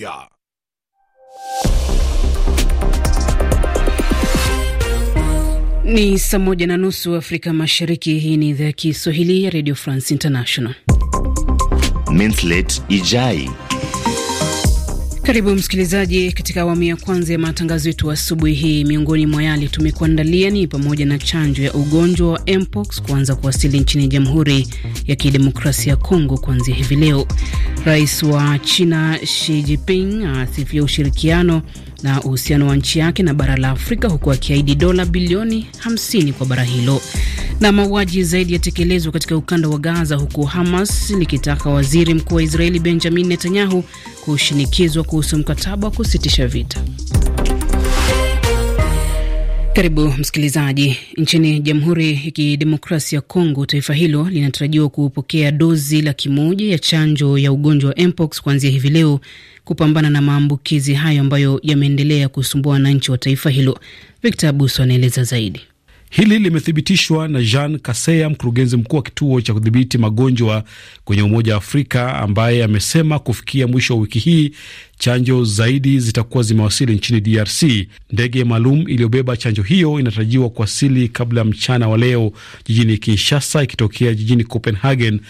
Ja. Ni saa moja na nusu Afrika Mashariki. Hii ni idhaa ya Kiswahili ya Radio France International. Mintlet Ijai karibu msikilizaji, katika awamu ya kwanza ya matangazo yetu asubuhi hii. Miongoni mwa yale tumekuandalia ni pamoja na chanjo ya ugonjwa wa mpox kuanza kuwasili nchini Jamhuri ya Kidemokrasia ya Kongo kuanzia hivi leo. Rais wa China Xi Jinping asifia ushirikiano na uhusiano wa nchi yake na bara la Afrika, huku akiahidi dola bilioni 50 kwa bara hilo. Na mauaji zaidi yatekelezwa katika ukanda wa Gaza, huku Hamas likitaka waziri mkuu wa Israeli Benjamin Netanyahu kushinikizwa kuhusu mkataba wa kusitisha vita. Karibu msikilizaji. Nchini Jamhuri ya Kidemokrasia ya Kongo, taifa hilo linatarajiwa kupokea dozi laki moja ya chanjo ya ugonjwa wa mpox kuanzia hivi leo kupambana na maambukizi hayo ambayo yameendelea kusumbua wananchi wa taifa hilo. Victor Abuso anaeleza zaidi. Hili limethibitishwa na Jean Kaseya, mkurugenzi mkuu wa kituo cha kudhibiti magonjwa kwenye Umoja wa Afrika, ambaye amesema kufikia mwisho wa wiki hii chanjo zaidi zitakuwa zimewasili nchini DRC. Ndege maalum iliyobeba chanjo hiyo inatarajiwa kuwasili kabla ya mchana wa leo jijini Kinshasa, ikitokea jijini Copenhagen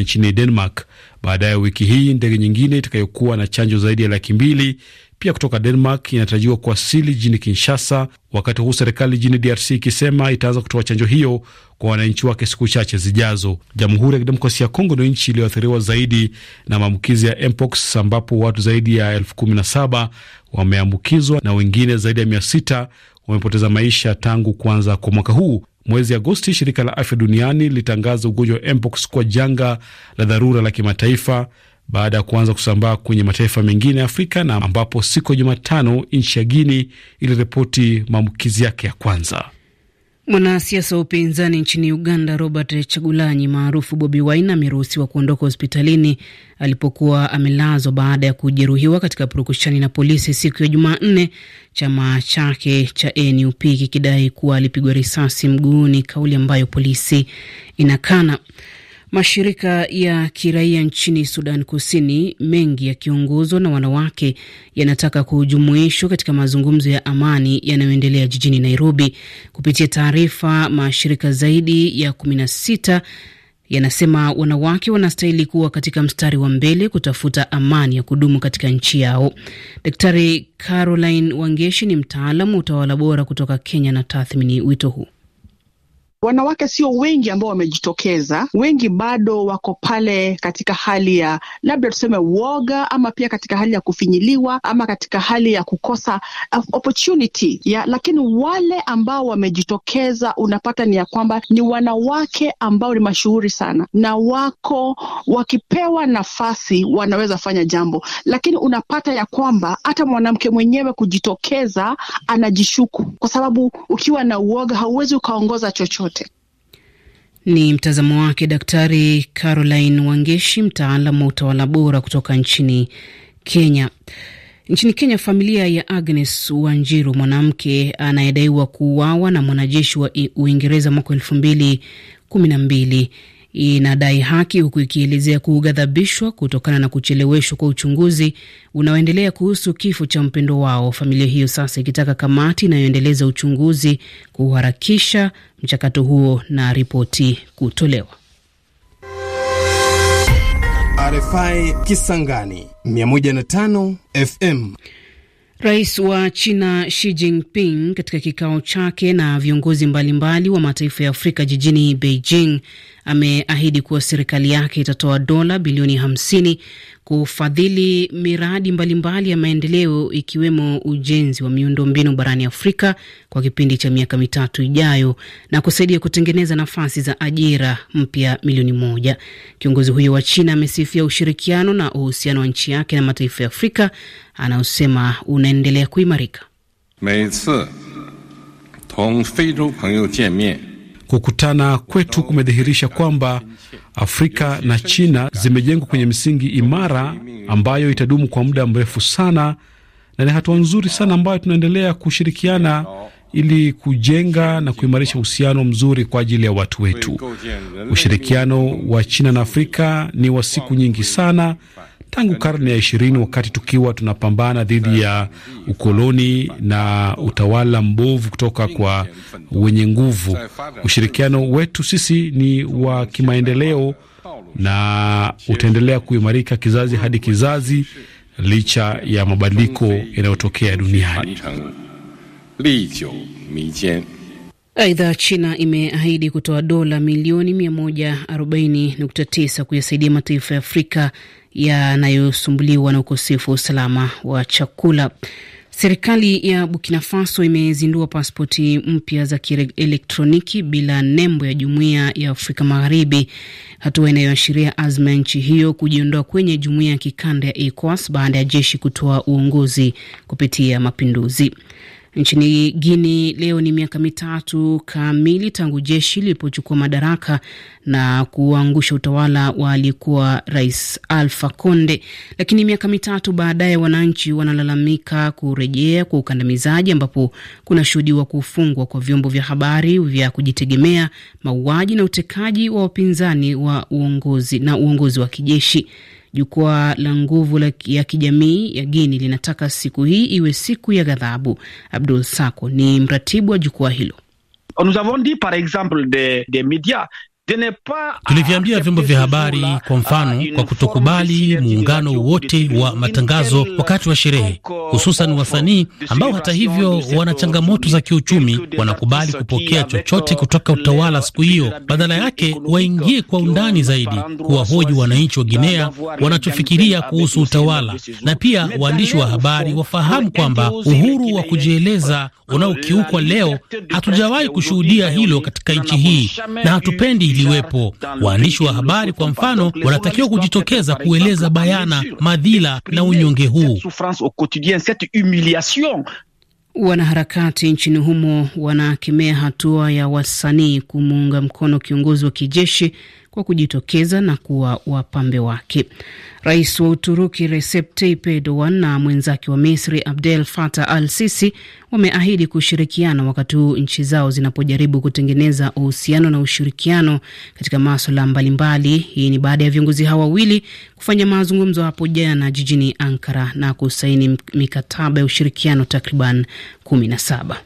nchini Denmark. Baadaye wiki hii ndege nyingine itakayokuwa na chanjo zaidi ya laki mbili pia kutoka Denmark inatarajiwa kuwasili jijini Kinshasa, wakati huu serikali jini DRC ikisema itaanza kutoa chanjo hiyo kwa wananchi wake siku chache zijazo. Jamhuri ya Kidemokrasia ya Kongo ndio nchi iliyoathiriwa zaidi na maambukizi ya mpox, ambapo watu zaidi ya elfu kumi na saba wameambukizwa na wengine zaidi ya mia sita wamepoteza maisha tangu kuanza kwa mwaka huu. Mwezi Agosti, shirika la afya duniani lilitangaza ugonjwa wa mpox kuwa janga la dharura la kimataifa baada ya kuanza kusambaa kwenye mataifa mengine ya Afrika na ambapo siku ya Jumatano nchi ya Guini iliripoti maambukizi yake ya kwanza. Mwanasiasa wa upinzani nchini Uganda Robert Chagulanyi maarufu Bobi Wine ameruhusiwa kuondoka hospitalini alipokuwa amelazwa baada ya kujeruhiwa katika purukushani na polisi siku ya Jumanne, chama chake cha NUP kikidai kuwa alipigwa risasi mguuni, kauli ambayo polisi inakana. Mashirika ya kiraia nchini Sudan Kusini, mengi yakiongozwa na wanawake, yanataka kujumuishwa katika mazungumzo ya amani yanayoendelea jijini Nairobi. Kupitia taarifa, mashirika zaidi ya kumi na sita yanasema wanawake wanastahili kuwa katika mstari wa mbele kutafuta amani ya kudumu katika nchi yao. Daktari Caroline Wangeshi ni mtaalamu wa utawala bora kutoka Kenya na tathmini wito huu. Wanawake sio wengi ambao wamejitokeza, wengi bado wako pale katika hali ya labda tuseme uoga, ama pia katika hali ya kufinyiliwa, ama katika hali ya kukosa opportunity ya. Lakini wale ambao wamejitokeza, unapata ni ya kwamba ni wanawake ambao ni mashuhuri sana na wako wakipewa nafasi wanaweza fanya jambo, lakini unapata ya kwamba hata mwanamke mwenyewe kujitokeza anajishuku, kwa sababu ukiwa na uoga hauwezi ukaongoza chochote. Ni mtazamo wake Daktari Caroline Wangeshi, mtaalam wa utawala bora kutoka nchini Kenya. Nchini Kenya, familia ya Agnes Wanjiru, mwanamke anayedaiwa kuuawa na mwanajeshi wa Uingereza mwaka elfu mbili kumi na mbili inadai haki huku ikielezea kughadhabishwa kutokana na kucheleweshwa kwa uchunguzi unaoendelea kuhusu kifo cha mpendo wao, familia hiyo sasa ikitaka kamati inayoendeleza uchunguzi kuharakisha mchakato huo na ripoti kutolewa. RFI Kisangani 105 FM. Rais wa China Xi Jinping katika kikao chake na viongozi mbalimbali wa mataifa ya Afrika jijini Beijing ameahidi kuwa serikali yake itatoa dola bilioni kufadhili miradi mbalimbali mbali ya maendeleo ikiwemo ujenzi wa miundombinu barani Afrika kwa kipindi cha miaka mitatu ijayo na kusaidia kutengeneza nafasi za ajira mpya milioni moja. Kiongozi huyo wa China amesifia ushirikiano na uhusiano wa nchi yake na mataifa ya Afrika anaosema unaendelea kuimarika. Kukutana kwetu kumedhihirisha kwamba Afrika na China zimejengwa kwenye misingi imara ambayo itadumu kwa muda mrefu sana, na ni hatua nzuri sana ambayo tunaendelea kushirikiana ili kujenga na kuimarisha uhusiano mzuri kwa ajili ya watu wetu. Ushirikiano wa China na Afrika ni wa siku nyingi sana tangu karne ya ishirini, wakati tukiwa tunapambana dhidi ya ukoloni na utawala mbovu kutoka kwa wenye nguvu. Ushirikiano wetu sisi ni wa kimaendeleo na utaendelea kuimarika kizazi hadi kizazi, licha ya mabadiliko yanayotokea duniani. Aidha, China imeahidi kutoa dola milioni 140.9 kuyasaidia mataifa ya Afrika yanayosumbuliwa na ukosefu wa usalama wa chakula. Serikali ya Burkina Faso imezindua paspoti mpya za kielektroniki bila nembo ya Jumuiya ya Afrika Magharibi, hatua inayoashiria azma ya nchi hiyo kujiondoa kwenye jumuiya ya kikanda ya ECOWAS baada ya jeshi kutoa uongozi kupitia mapinduzi. Nchini Guini leo ni miaka mitatu kamili tangu jeshi lilipochukua madaraka na kuangusha utawala wa aliyekuwa rais alfa Conde, lakini miaka mitatu baadaye wananchi wanalalamika kurejea kwa ukandamizaji, ambapo kunashuhudiwa kufungwa kwa vyombo vya habari vya kujitegemea, mauaji na utekaji wa wapinzani wa uongozi na uongozi wa kijeshi. Jukwaa la nguvu ya kijamii ya gini linataka siku hii iwe siku ya ghadhabu. Abdul Sako ni mratibu wa jukwaa hilo. nous avons par exemple Tuliviambia vyombo vya habari kwa mfano, kwa kutokubali muungano wowote wa matangazo wakati wa sherehe, hususan wasanii ambao hata hivyo wana changamoto za kiuchumi, wanakubali kupokea chochote kutoka utawala siku hiyo. Badala yake waingie kwa undani zaidi kuwahoji wananchi wa Guinea wanachofikiria kuhusu utawala, na pia waandishi wa habari wafahamu kwamba uhuru wa kujieleza unaokiukwa leo, hatujawahi kushuhudia hilo katika nchi hii na hatupendi iliwepo. Waandishi wa habari kwa mfano, wanatakiwa kujitokeza kueleza bayana madhila na unyonge huu. Wanaharakati nchini humo wanakemea hatua ya wasanii kumuunga mkono kiongozi wa kijeshi kwa kujitokeza na kuwa wapambe wake. Rais wa Uturuki Recep Tayyip Erdogan na mwenzake wa Misri Abdel Fattah al Sisi wameahidi kushirikiana wakati huu nchi zao zinapojaribu kutengeneza uhusiano na ushirikiano katika maswala mbalimbali. Hii ni baada ya viongozi hawa wawili kufanya mazungumzo hapo jana jijini Ankara na kusaini mikataba ya ushirikiano takriban kumi na saba.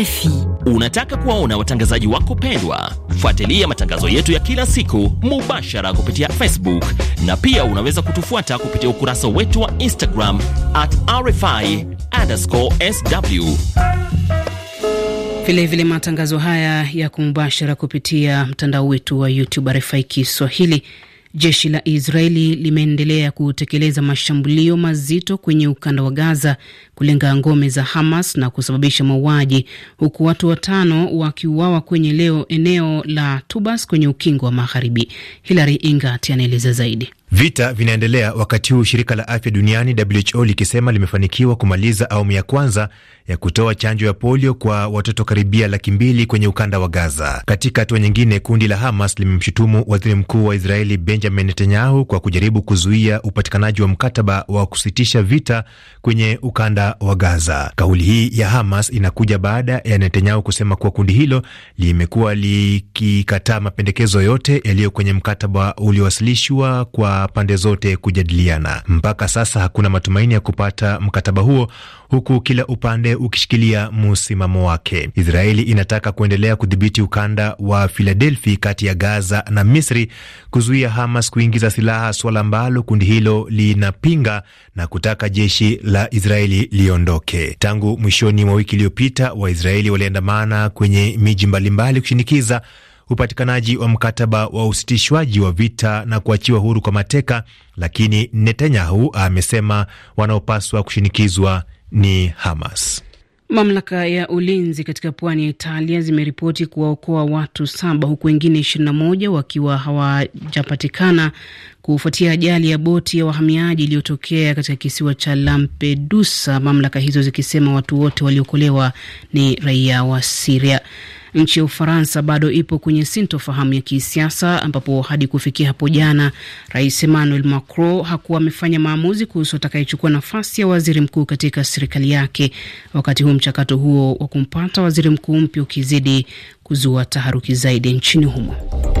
RFI. Unataka kuwaona watangazaji wako pendwa? Fuatilia matangazo yetu ya kila siku mubashara kupitia Facebook na pia unaweza kutufuata kupitia ukurasa wetu wa Instagram at RFI underscore sw. Vilevile matangazo haya yako mubashara kupitia mtandao wetu wa YouTube RFI Kiswahili. Jeshi la Israeli limeendelea kutekeleza mashambulio mazito kwenye ukanda wa Gaza kulenga ngome za Hamas na kusababisha mauaji, huku watu watano wakiuawa kwenye leo eneo la Tubas kwenye ukingo wa Magharibi. Hilary ingat anaeleza zaidi. Vita vinaendelea wakati huu shirika la afya duniani WHO likisema limefanikiwa kumaliza awamu ya kwanza ya kutoa chanjo ya polio kwa watoto karibia laki mbili kwenye ukanda wa Gaza. Katika hatua nyingine, kundi la Hamas limemshutumu waziri mkuu wa Israeli Benjamin Netanyahu kwa kujaribu kuzuia upatikanaji wa mkataba wa kusitisha vita kwenye ukanda wa Gaza. Kauli hii ya Hamas inakuja baada ya Netanyahu kusema kuwa kundi hilo limekuwa likikataa mapendekezo yote yaliyo kwenye mkataba uliowasilishwa kwa pande zote kujadiliana. Mpaka sasa hakuna matumaini ya kupata mkataba huo, huku kila upande ukishikilia msimamo wake. Israeli inataka kuendelea kudhibiti ukanda wa Filadelfi kati ya Gaza na Misri, kuzuia Hamas kuingiza silaha, suala ambalo kundi hilo linapinga na kutaka jeshi la Israeli liondoke. Tangu mwishoni mwa wiki iliyopita, Waisraeli waliandamana kwenye miji mbalimbali kushinikiza upatikanaji wa mkataba wa usitishwaji wa vita na kuachiwa huru kwa mateka, lakini Netanyahu amesema wanaopaswa kushinikizwa ni Hamas. Mamlaka ya ulinzi katika pwani ya Italia zimeripoti kuwaokoa watu saba huku wengine 21 wakiwa hawajapatikana kufuatia ajali ya boti ya wahamiaji iliyotokea katika kisiwa cha Lampedusa, mamlaka hizo zikisema watu wote waliokolewa ni raia wa Siria. Nchi ya Ufaransa bado ipo kwenye sintofahamu ya kisiasa ambapo hadi kufikia hapo jana Rais Emmanuel Macron hakuwa amefanya maamuzi kuhusu atakayechukua nafasi ya waziri mkuu katika serikali yake, wakati huu mchakato huo wa kumpata waziri mkuu mpya ukizidi kuzua taharuki zaidi nchini humo.